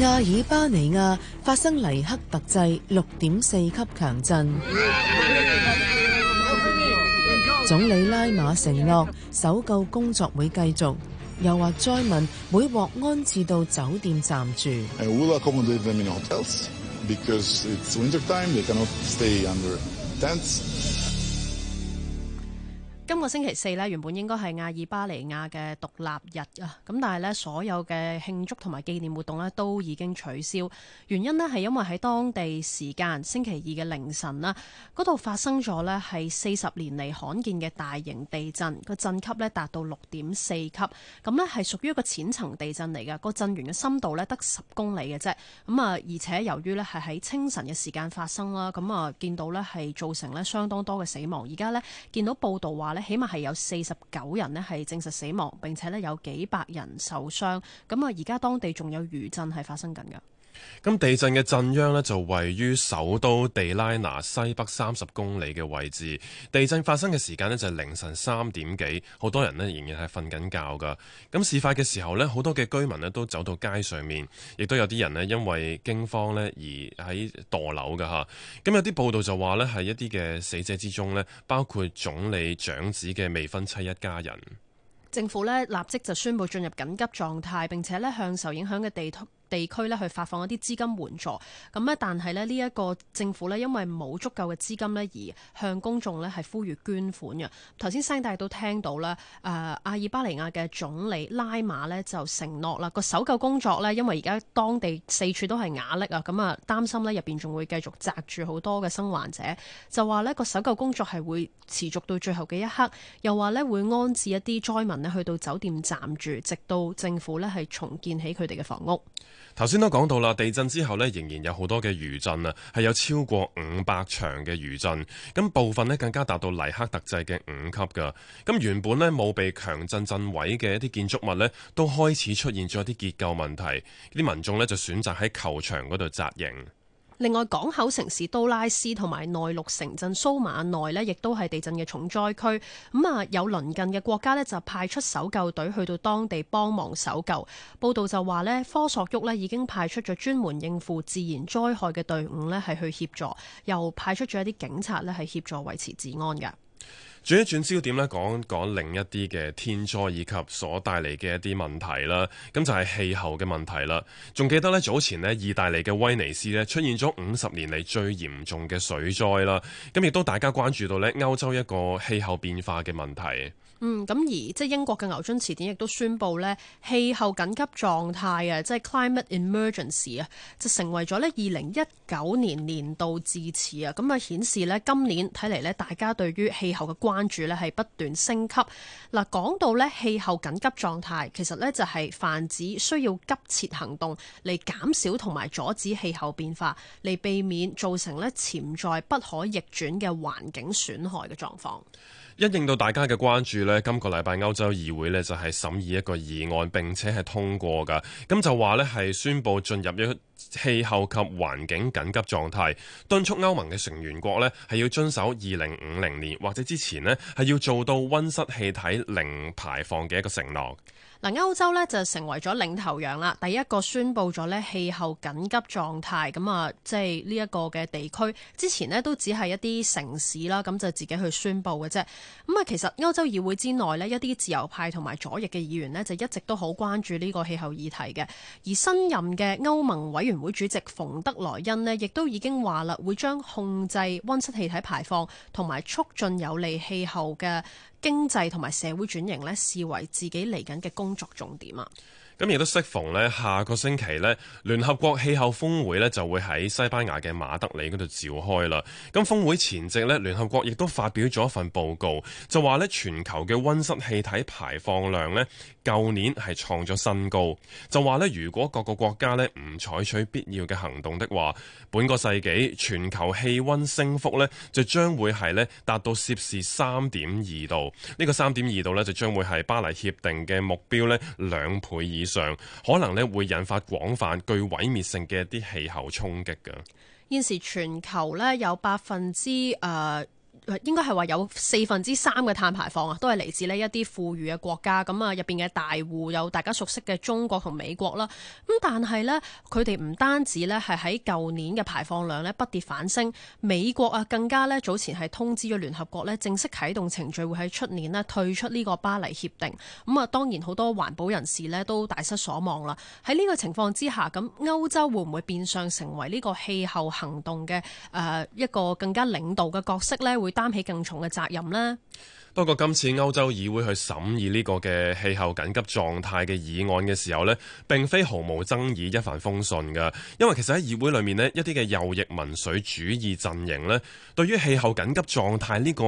阿爾巴尼亞發生黎克特制六點四級強震。 總理拉馬承諾搜救工作會繼續，又話災民會獲安置到酒店暫住。今個星期四咧，原本應該係阿爾巴尼亞嘅獨立日啊，咁但係呢所有嘅慶祝同埋紀念活動呢都已經取消。原因呢係因為喺當地時間星期二嘅凌晨啦，嗰度發生咗呢係四十年嚟罕見嘅大型地震，個震級呢達到六點四級。咁呢係屬於一個淺層地震嚟㗎，個震源嘅深度呢得十公里嘅啫。咁啊，而且由於呢係喺清晨嘅時間發生啦，咁啊見到呢係造成呢相當多嘅死亡。而家呢見到報道話，起碼係有四十九人咧，係證實死亡，並且咧有幾百人受傷。咁啊，而家當地仲有餘震係發生緊噶。咁地震嘅震央呢，就位於首都地拉那西北三十公里嘅位置。地震發生嘅時間呢，就係凌晨三點幾，好多人呢，仍然係瞓緊覺噶。咁事發嘅時候呢，好多嘅居民呢，都走到街上面，亦都有啲人呢，因為驚慌呢，而喺墮樓噶。吓，咁有啲報道就話呢，係一啲嘅死者之中呢，包括總理長子嘅未婚妻一家人。政府呢，立即就宣布進入緊急狀態，並且呢，向受影響嘅地。地區咧去發放一啲資金援助，咁咧，但係咧呢一個政府咧，因為冇足夠嘅資金咧，而向公眾咧係呼籲捐款嘅。頭先聲帶都聽到啦，誒、呃，阿爾巴尼亞嘅總理拉馬咧就承諾啦，個搜救工作咧，因為而家當地四處都係瓦礫啊，咁啊擔心咧入邊仲會繼續擳住好多嘅生還者，就話呢個搜救工作係會持續到最後嘅一刻，又話呢會安置一啲災民咧去到酒店暫住，直到政府咧係重建起佢哋嘅房屋。頭先都講到啦，地震之後咧，仍然有好多嘅餘震啊，係有超過五百場嘅餘震，咁部分呢，更加達到黎克特制嘅五級噶，咁原本呢，冇被強震震毀嘅一啲建築物呢，都開始出現咗一啲結構問題，啲民眾呢，就選擇喺球場嗰度紮營。另外，港口城市都拉斯同埋內陸城鎮蘇馬內咧，亦都係地震嘅重災區。咁、嗯、啊，有鄰近嘅國家咧，就派出搜救隊去到當地幫忙搜救。報道就話咧，科索沃咧已經派出咗專門應付自然災害嘅隊伍咧，係去協助，又派出咗一啲警察咧，係協助維持治安嘅。轉一轉焦點咧，講講另一啲嘅天災以及所帶嚟嘅一啲問題啦。咁就係氣候嘅問題啦。仲記得咧，早前呢，意大利嘅威尼斯咧，出現咗五十年嚟最嚴重嘅水災啦。咁亦都大家關注到咧，歐洲一個氣候變化嘅問題。嗯，咁而即係英國嘅牛津詞典亦都宣布呢氣候緊急狀態啊，即係 climate emergency 啊，就成為咗呢二零一九年年度字詞啊，咁啊顯示呢今年睇嚟，呢，大家對於氣候嘅關注呢係不斷升級。嗱，啊，講到呢氣候緊急狀態，其實呢就係泛指需要急切行動嚟減少同埋阻止氣候變化，嚟避免造成呢潛在不可逆轉嘅環境損害嘅狀況。因應到大家嘅關注咧，今個禮拜歐洲議會咧就係、是、審議一個議案，並且係通過㗎。咁就話咧係宣布進入一個氣候及環境緊急狀態，敦促歐盟嘅成員國咧係要遵守二零五零年或者之前咧係要做到溫室氣體零排放嘅一個承諾。嗱，歐洲咧就成為咗領頭羊啦，第一個宣布咗咧氣候緊急狀態，咁啊，即係呢一個嘅地區之前呢都只係一啲城市啦，咁就自己去宣布嘅啫。咁啊，其實歐洲議會之內呢，一啲自由派同埋左翼嘅議員呢，就一直都好關注呢個氣候議題嘅。而新任嘅歐盟委員會主席馮德萊恩呢，亦都已經話啦，會將控制温室氣體排放同埋促進有利氣候嘅經濟同埋社會轉型呢視為自己嚟緊嘅工作重點啊！咁亦都適逢呢下個星期呢，聯合國氣候峰會呢就會喺西班牙嘅馬德里嗰度召開啦。咁峰會前夕呢，聯合國亦都發表咗一份報告，就話呢全球嘅温室氣體排放量呢，舊年係創咗新高，就話咧，如果各個國家咧唔採取必要嘅行動的話，本個世紀全球氣温升幅咧就將會係咧達到攝氏三點二度，呢、呢個三點二度咧就將會係巴黎協定嘅目標咧兩倍以上，可能咧會引發廣泛具毀滅性嘅一啲氣候衝擊嘅。現時全球咧有百分之誒、呃應該係話有四分之三嘅碳排放啊，都係嚟自呢一啲富裕嘅國家，咁啊入邊嘅大戶有大家熟悉嘅中國同美國啦，咁但係呢，佢哋唔單止呢係喺舊年嘅排放量呢不跌反升，美國啊更加呢早前係通知咗聯合國呢正式啟動程序會喺出年呢退出呢個巴黎協定，咁啊當然好多環保人士呢都大失所望啦。喺呢個情況之下，咁歐洲會唔會變相成為呢個氣候行動嘅誒、呃、一個更加領導嘅角色呢？會擔起更重嘅責任啦。不過，今次歐洲議會去審議呢個嘅氣候緊急狀態嘅議案嘅時候呢，並非毫無爭議、一帆風順嘅。因為其實喺議會裏面呢，一啲嘅右翼民粹主義陣營呢，對於氣候緊急狀態呢個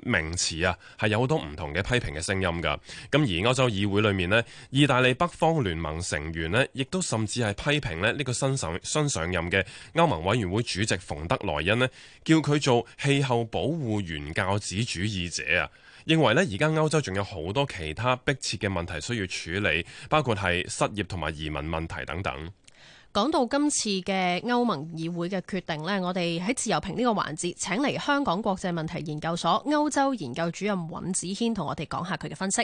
名詞啊，係有好多唔同嘅批評嘅聲音噶。咁而歐洲議會裏面呢，意大利北方聯盟成員呢，亦都甚至係批評呢呢個新上新上任嘅歐盟委員會主席馮德萊恩呢，叫佢做氣候保護原教旨主義者啊！認為咧，而家歐洲仲有好多其他迫切嘅問題需要處理，包括係失業同埋移民問題等等。講到今次嘅歐盟議會嘅決定呢，我哋喺自由評呢個環節，請嚟香港國際問題研究所歐洲研究主任尹子軒同我哋講下佢嘅分析。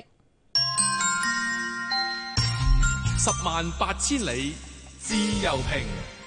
十萬八千里，自由評。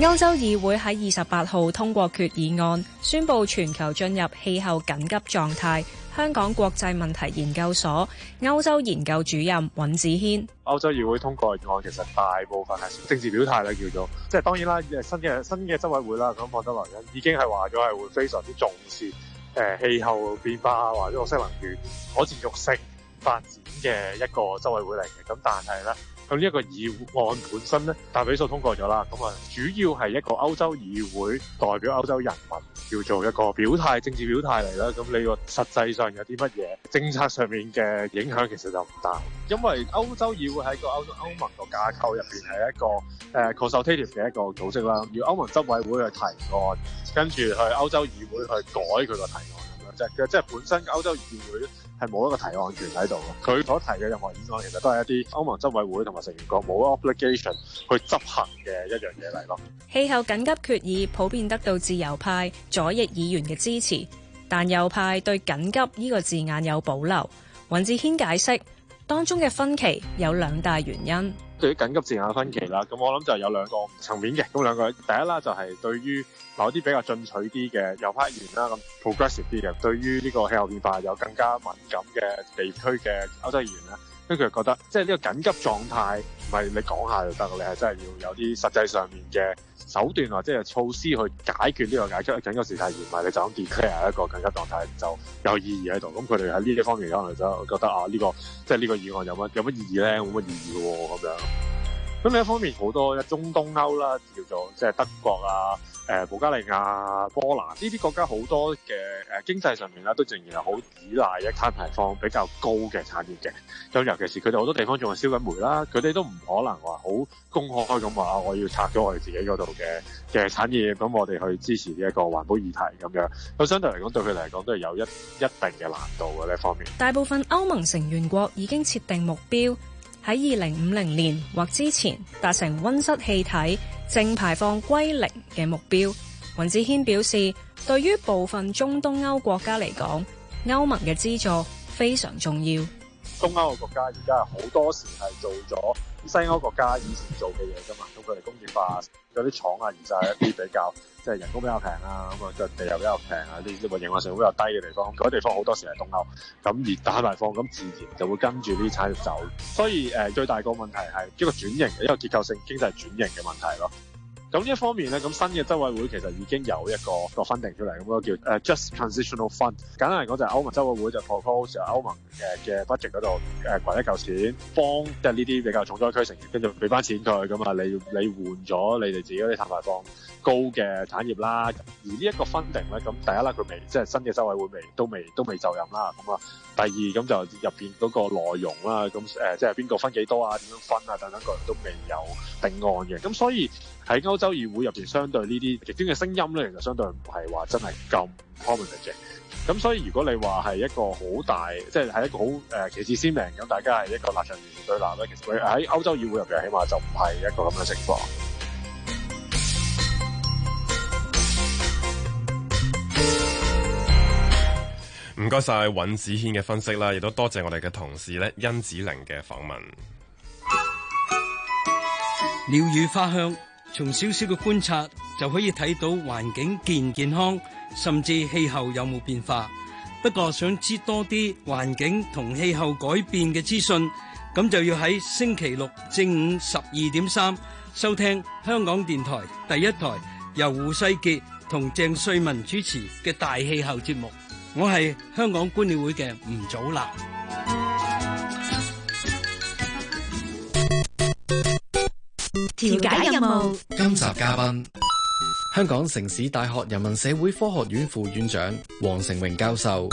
歐洲議會喺二十八號通過決議案，宣布全球進入氣候緊急狀態。香港國際問題研究所歐洲研究主任尹子軒：歐洲議會通過嘅議案，其實大部分係政治表態啦，叫做即係當然啦，新嘅新嘅執委會啦，咁馮德萊恩已經係話咗係會非常之重視誒氣、呃、候變化啊，或者綠色能源可持續性發展嘅一個執委會嚟嘅。咁但係咧。咁呢一個議案本身咧，大比數通過咗啦。咁啊，主要係一個歐洲議會代表歐洲人民，叫做一個表態、政治表態嚟啦。咁你個實際上有啲乜嘢政策上面嘅影響，其實就唔大，因為歐洲議會喺個歐洲歐盟個架構入邊係一個誒、呃、c o h a 嘅一個組織啦。要歐盟執委會去提案，跟住去歐洲議會去改佢個提案咁樣啫。咁即係本身歐洲議會。係冇一個提案權喺度，佢所提嘅任何議案，其實都係一啲歐盟執委會同埋成員國冇 obligation 去執行嘅一樣嘢嚟咯。氣候緊急決議普遍得到自由派左翼議員嘅支持，但右派對緊急呢個字眼有保留。尹志軒解釋，當中嘅分歧有兩大原因。對於緊急狀態嘅分歧，啦，咁我諗就有兩個層面嘅，咁兩個，第一啦，就係對於某啲比較進取啲嘅右派議員啦，咁 progressive 啲嘅，對於呢個氣候變化有更加敏感嘅地區嘅歐洲議員啦，跟住覺得即係呢個緊急狀態。唔係你講下就得，你係真係要有啲實際上面嘅手段或者係措施去解決呢個解決緊急事態，而唔係你就咁 declare 一個緊急狀態，就有意義喺度。咁佢哋喺呢啲方面可能就覺得啊，呢、這個即係呢個議案有乜有乜意義咧？冇乜意義喎咁、哦、樣。咁另一方面，好多一中東歐啦，叫做即係德國啊、誒、呃、保加利亞、波蘭呢啲國家，好多嘅誒經濟上面啦，都仍然係好依賴一碳排放比較高嘅產業嘅。咁尤其是佢哋好多地方仲係燒緊煤啦，佢哋都唔可能話好公開咁話我要拆咗我哋自己嗰度嘅嘅產業，咁我哋去支持呢一個環保議題咁樣。咁相對嚟講，對佢嚟講都係有一一定嘅難度嘅呢方面。大部分歐盟成員國已經設定目標，喺二零五零年或之前達成溫室氣體淨排放歸零嘅目標，尹志軒表示，對於部分中東歐國家嚟講，歐盟嘅資助非常重要。東歐嘅國家而家好多時係做咗。西歐國家以前做嘅嘢噶嘛，咁佢哋工業化有啲廠啊，完曬一啲比較即係人工比較平啊，咁啊地又比較平啊，啲啲營運成本比較低嘅地方，嗰啲地方好多時係東歐，咁而打埋放，咁自然就會跟住啲產業走，所以誒、呃、最大個問題係一個轉型，一個結構性經濟轉型嘅問題咯。咁呢一方面咧，咁新嘅執委會其實已經有一個一個 funding 出嚟，咁個叫誒、uh, Just Transitional Fund。簡單嚟講就係歐盟執委會就 propose 歐盟嘅嘅 budget 嗰度誒攰、呃、一嚿錢，幫即係呢啲比較重災區成員，跟住俾翻錢佢。咁啊，你換你換咗你哋自己嗰啲碳排放高嘅產業啦。而呢一個 funding 咧，咁第一啦，佢未即係新嘅執委會未都未都未就任啦。咁啊，第二咁就入邊嗰個內容啦，咁誒即係邊個分幾多啊？點樣分啊？等等個都未有定案嘅。咁所以喺歐洲議會入邊，相對呢啲極端嘅聲音咧，其實相對唔係話真係咁 common 嘅。咁所以如果你話係一個好大，即係係一個好誒歧視鮮明，咁大家係一個立場完全對立咧，其實喺歐洲議會入邊，起碼就唔係一個咁嘅情況。唔該晒，尹子軒嘅分析啦，亦都多謝我哋嘅同事咧，殷子玲嘅訪問。鳥語花香。從小小嘅觀察就可以睇到環境健唔健康，甚至氣候有冇變化。不過想知多啲環境同氣候改變嘅資訊，咁就要喺星期六正午十二點三收聽香港電台第一台由胡世杰同鄭瑞文主持嘅大氣候節目。我係香港觀鳥會嘅吳祖藍。調解任務。今集嘉賓：香港城市大學人文社會科學院副院長黃成榮教授。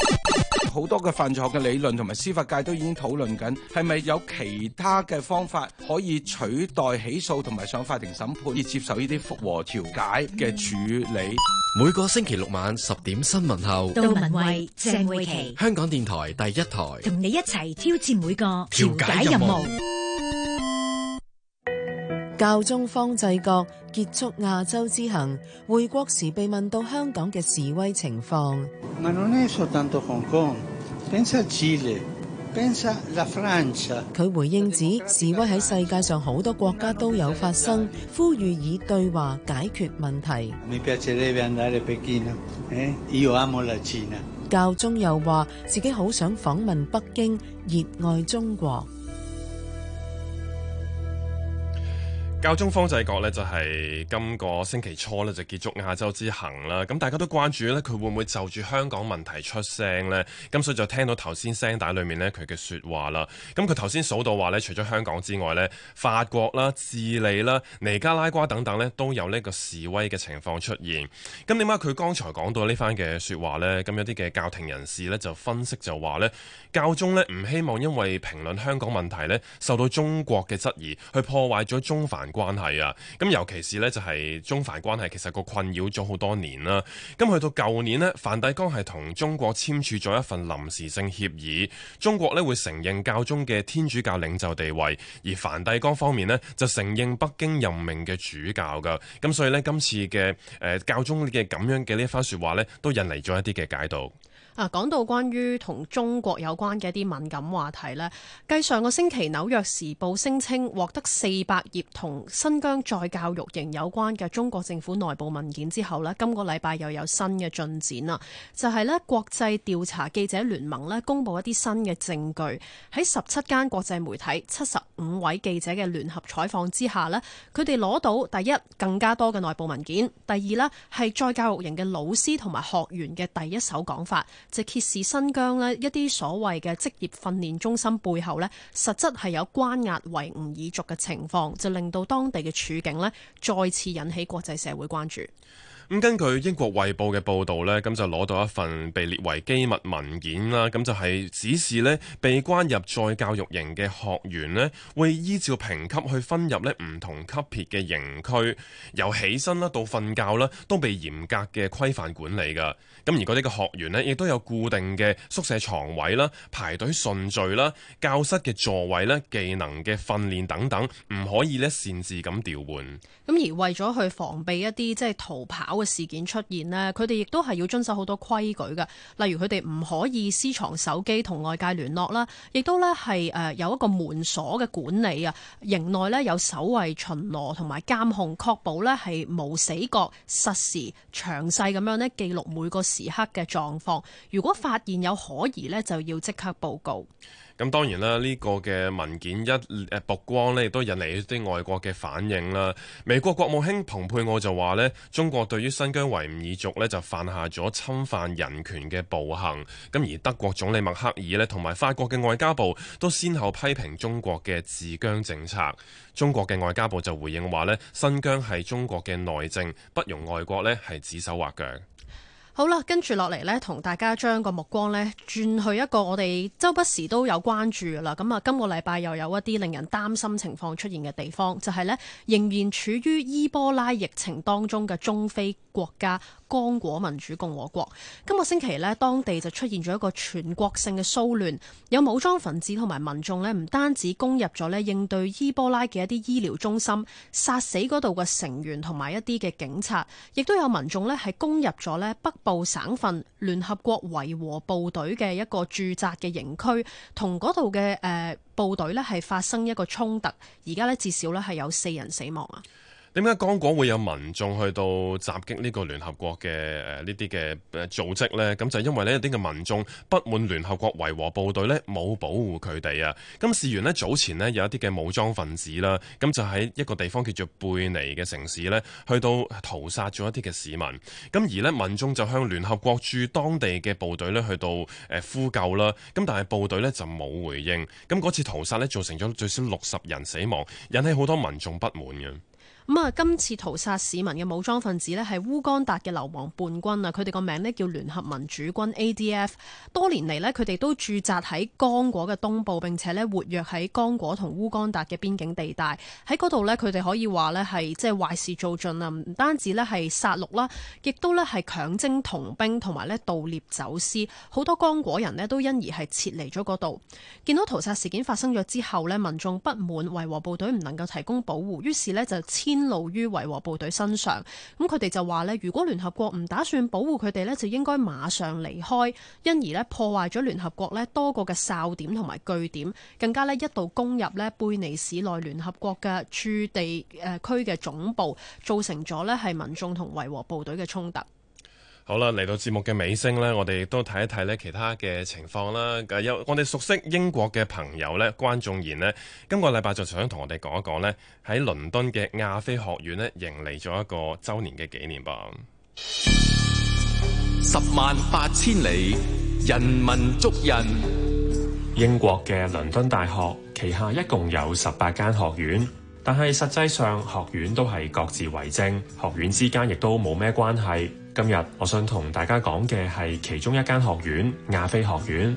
好多嘅犯罪學嘅理論同埋司法界都已經討論緊，係咪有其他嘅方法可以取代起訴同埋上法庭審判，以接受呢啲復和調解嘅處理？每個星期六晚十點新聞後，杜文慧、鄭慧琪，香港電台第一台，同你一齊挑戰每個調解任務。教宗方濟各結束亞洲之行回國時被問到香港嘅示威情況，佢回應指示威喺世界上好多國家都有發生，呼籲以對話解決問題。教宗又話自己好想訪問北京，熱愛中國。教宗方濟各呢，就係今個星期初呢，就結束亞洲之行啦，咁大家都關注呢佢會唔會就住香港問題出聲呢？咁所以就聽到頭先聲帶裏面呢，佢嘅説話啦。咁佢頭先數到話呢，除咗香港之外呢，法國啦、智利啦、尼加拉瓜等等呢，都有呢個示威嘅情況出現。咁點解佢剛才講到呢番嘅説話呢？咁有啲嘅教廷人士呢，就分析就話呢，教宗呢唔希望因為評論香港問題呢，受到中國嘅質疑，去破壞咗中梵關係啊，咁尤其是呢就係中梵關係，其實個困擾咗好多年啦。咁去到舊年呢，梵蒂岡係同中國簽署咗一份臨時性協議，中國呢會承認教宗嘅天主教領袖地位，而梵蒂岡方面呢就承認北京任命嘅主教㗎。咁所以呢，今次嘅誒教宗嘅咁樣嘅呢一番説話呢，都引嚟咗一啲嘅解讀。啊，講到關於同中國有關嘅一啲敏感話題咧，繼上個星期《紐約時報》聲稱獲得四百頁同新疆再教育營有關嘅中國政府內部文件之後咧，今個禮拜又有新嘅進展啦，就係、是、咧國際調查記者聯盟咧公佈一啲新嘅證據，喺十七間國際媒體七十五位記者嘅聯合採訪之下咧，佢哋攞到第一，更加多嘅內部文件，第二咧係再教育營嘅老師同埋學員嘅第一手講法。就揭示新疆呢一啲所謂嘅職業訓練中心背後呢，實質係有關押維吾爾族嘅情況，就令到當地嘅處境呢再次引起國際社會關注。咁根據英國衛報嘅報道呢，咁就攞到一份被列為機密文件啦，咁就係指示呢被關入再教育營嘅學員呢會依照評級去分入呢唔同級別嘅營區，由起身啦到瞓覺啦，都被嚴格嘅規範管理噶。咁而嗰啲嘅學員咧，亦都有固定嘅宿舍床位啦、排隊順序啦、教室嘅座位啦，技能嘅訓練等等，唔可以咧擅自咁調換，咁而為咗去防備一啲即係逃跑嘅事件出現咧，佢哋亦都係要遵守好多規矩嘅。例如佢哋唔可以私藏手機同外界聯絡啦，亦都咧係誒有一個門鎖嘅管理啊。營內咧有守衛巡邏同埋監控，確保咧係無死角、實時詳細咁樣咧記錄每個時刻嘅狀況，如果發現有可疑呢，就要即刻報告。咁當然啦，呢個嘅文件一誒曝光呢，亦都引嚟一啲外國嘅反應啦。美國國務卿蓬佩奧就話呢，中國對於新疆維吾爾族呢，就犯下咗侵犯人權嘅暴行。咁而德國總理默克爾呢，同埋法國嘅外交部都先後批評中國嘅治疆政策。中國嘅外交部就回應話呢，新疆係中國嘅內政，不容外國呢係指手畫腳。好啦，跟住落嚟呢，同大家將個目光呢轉去一個我哋周不時都有關注嘅啦。咁啊，今個禮拜又有一啲令人擔心情況出現嘅地方，就係呢，仍然處於伊波拉疫情當中嘅中非國家。剛果民主共和國今個星期咧，當地就出現咗一個全國性嘅騷亂，有武裝分子同埋民眾咧，唔單止攻入咗咧應對伊波拉嘅一啲醫療中心，殺死嗰度嘅成員同埋一啲嘅警察，亦都有民眾咧係攻入咗咧北部省份聯合國維和部隊嘅一個駐紮嘅營區，同嗰度嘅誒部隊咧係發生一個衝突，而家咧至少咧係有四人死亡啊。點解剛果會有民眾去到襲擊呢個聯合國嘅誒呢啲嘅誒組織呢？咁就因為呢一啲嘅民眾不滿聯合國維和部隊呢冇保護佢哋啊。咁事源呢，早前呢有一啲嘅武裝分子啦，咁就喺一個地方叫做貝尼嘅城市呢去到屠殺咗一啲嘅市民。咁而呢，民眾就向聯合國駐當地嘅部隊呢去到誒、呃、呼救啦。咁但係部隊呢就冇回應。咁嗰次屠殺呢，造成咗最少六十人死亡，引起好多民眾不滿嘅。咁啊，今次屠殺市民嘅武裝分子咧，係烏干達嘅流亡叛軍啊！佢哋個名呢叫聯合民主軍 （ADF）。多年嚟咧，佢哋都駐紮喺剛果嘅東部，並且咧活躍喺剛果同烏干達嘅邊境地帶。喺嗰度咧，佢哋可以話咧係即係壞事做盡啦，唔單止咧係殺戮啦，亦都咧係強徵童兵同埋咧盜獵走私。好多剛果人咧都因而係撤離咗嗰度。見到屠殺事件發生咗之後咧，民眾不滿維和部隊唔能夠提供保護，於是呢就遷，偏路於維和部隊身上，咁佢哋就話呢，如果聯合國唔打算保護佢哋呢，就應該馬上離開。因而呢，破壞咗聯合國呢多個嘅哨點同埋據點，更加呢一度攻入呢貝尼市內聯合國嘅駐地誒區嘅總部，造成咗呢係民眾同維和部隊嘅衝突。好啦，嚟到節目嘅尾聲呢，我哋都睇一睇咧其他嘅情況啦。有我哋熟悉英國嘅朋友呢，關仲然呢，今個禮拜就想同我哋講一講呢，喺倫敦嘅亞非學院呢，迎嚟咗一個周年嘅紀念噃。十萬八千里，人民足印。英國嘅倫敦大學旗下一共有十八間學院，但係實際上學院都係各自為政，學院之間亦都冇咩關係。今日我想同大家講嘅係其中一間學院——亞非學院。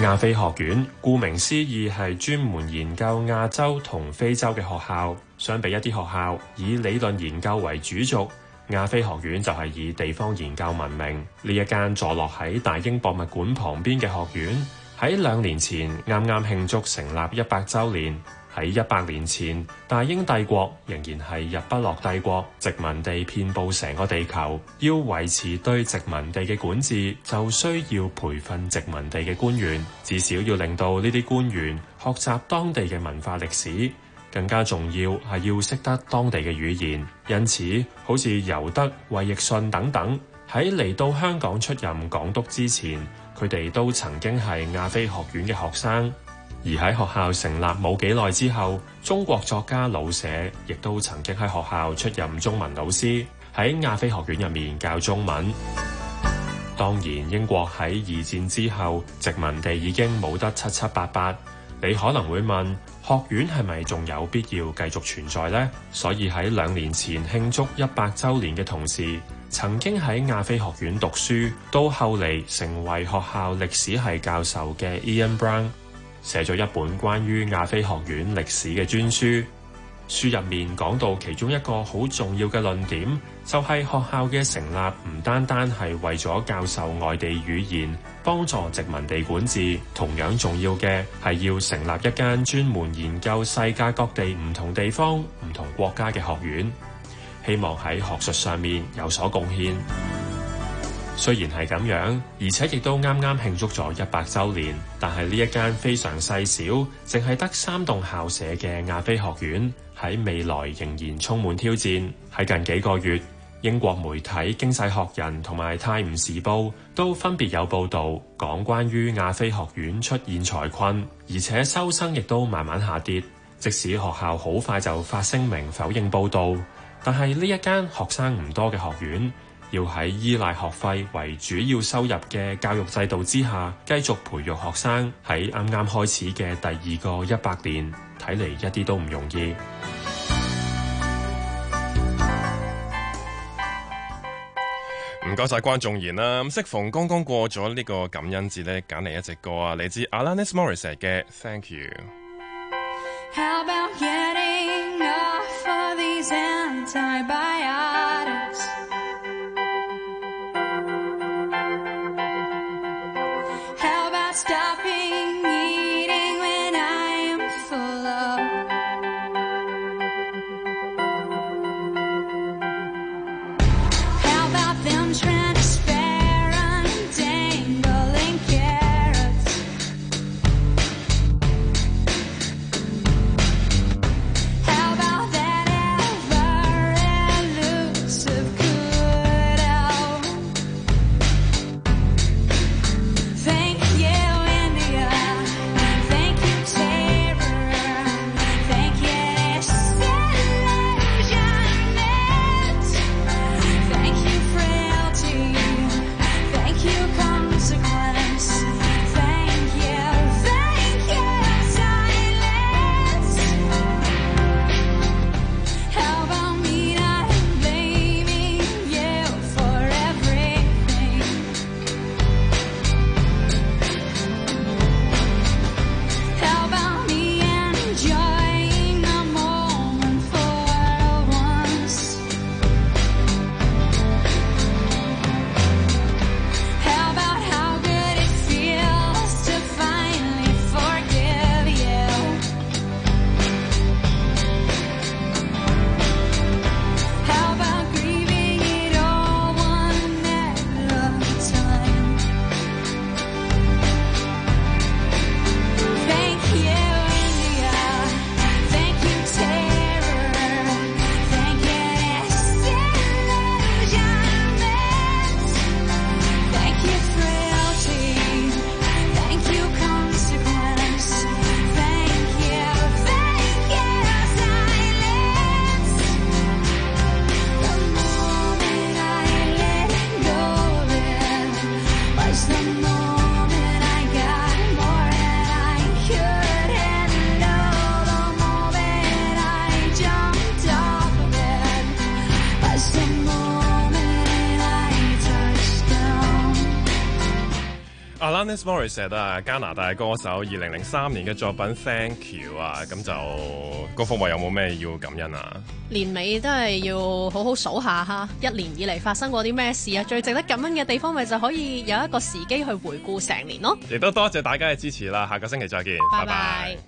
亞非學院顧名思義係專門研究亞洲同非洲嘅學校。相比一啲學校以理論研究為主軸，亞非學院就係以地方研究聞名。呢一間坐落喺大英博物館旁邊嘅學院，喺兩年前啱啱慶祝成立一百周年。喺一百年前，大英帝國仍然係日不落帝國，殖民地遍布成個地球。要維持對殖民地嘅管治，就需要培訓殖民地嘅官員，至少要令到呢啲官員學習當地嘅文化歷史。更加重要係要識得當地嘅語言。因此，好似尤德、衛奕信等等喺嚟到香港出任港督之前，佢哋都曾經係亞非學院嘅學生。而喺學校成立冇幾耐之後，中國作家老舍亦都曾經喺學校出任中文老師，喺亞非學院入面教中文。當然，英國喺二戰之後殖民地已經冇得七七八八。你可能會問，學院係咪仲有必要繼續存在呢？所以喺兩年前慶祝一百周年嘅同時，曾經喺亞非學院讀書，到後嚟成為學校歷史係教授嘅 Ian Brown。寫咗一本關於亞非學院歷史嘅專書，書入面講到其中一個好重要嘅論點，就係學校嘅成立唔單單係為咗教授外地語言，幫助殖民地管治，同樣重要嘅係要成立一間專門研究世界各地唔同地方、唔同國家嘅學院，希望喺學術上面有所貢獻。雖然係咁樣，而且亦都啱啱慶祝咗一百週年，但係呢一間非常細小，淨係得三棟校舍嘅亞非學院喺未來仍然充滿挑戰。喺近幾個月，英國媒體《經濟學人》同埋《泰晤士報》都分別有報導講關於亞非學院出現財困，而且收生亦都慢慢下跌。即使學校好快就發聲明否認報導，但係呢一間學生唔多嘅學院。要喺依賴學費為主要收入嘅教育制度之下，繼續培育學生喺啱啱開始嘅第二個一百年，睇嚟一啲都唔容易。唔該晒觀眾然啦，咁適逢剛剛過咗呢個感恩節呢，揀嚟一隻歌啊，嚟自 Alanis Morissette 嘅《Thank You》。Alanis Morissette，加拿大歌手，二零零三年嘅作品《Thank You》啊，咁就郭福華有冇咩要感恩啊？年尾都係要好好數下哈，一年以嚟發生過啲咩事啊？最值得感恩嘅地方咪就可以有一個時機去回顧成年咯。亦都多謝大家嘅支持啦，下個星期再見，拜拜 bye。Bye bye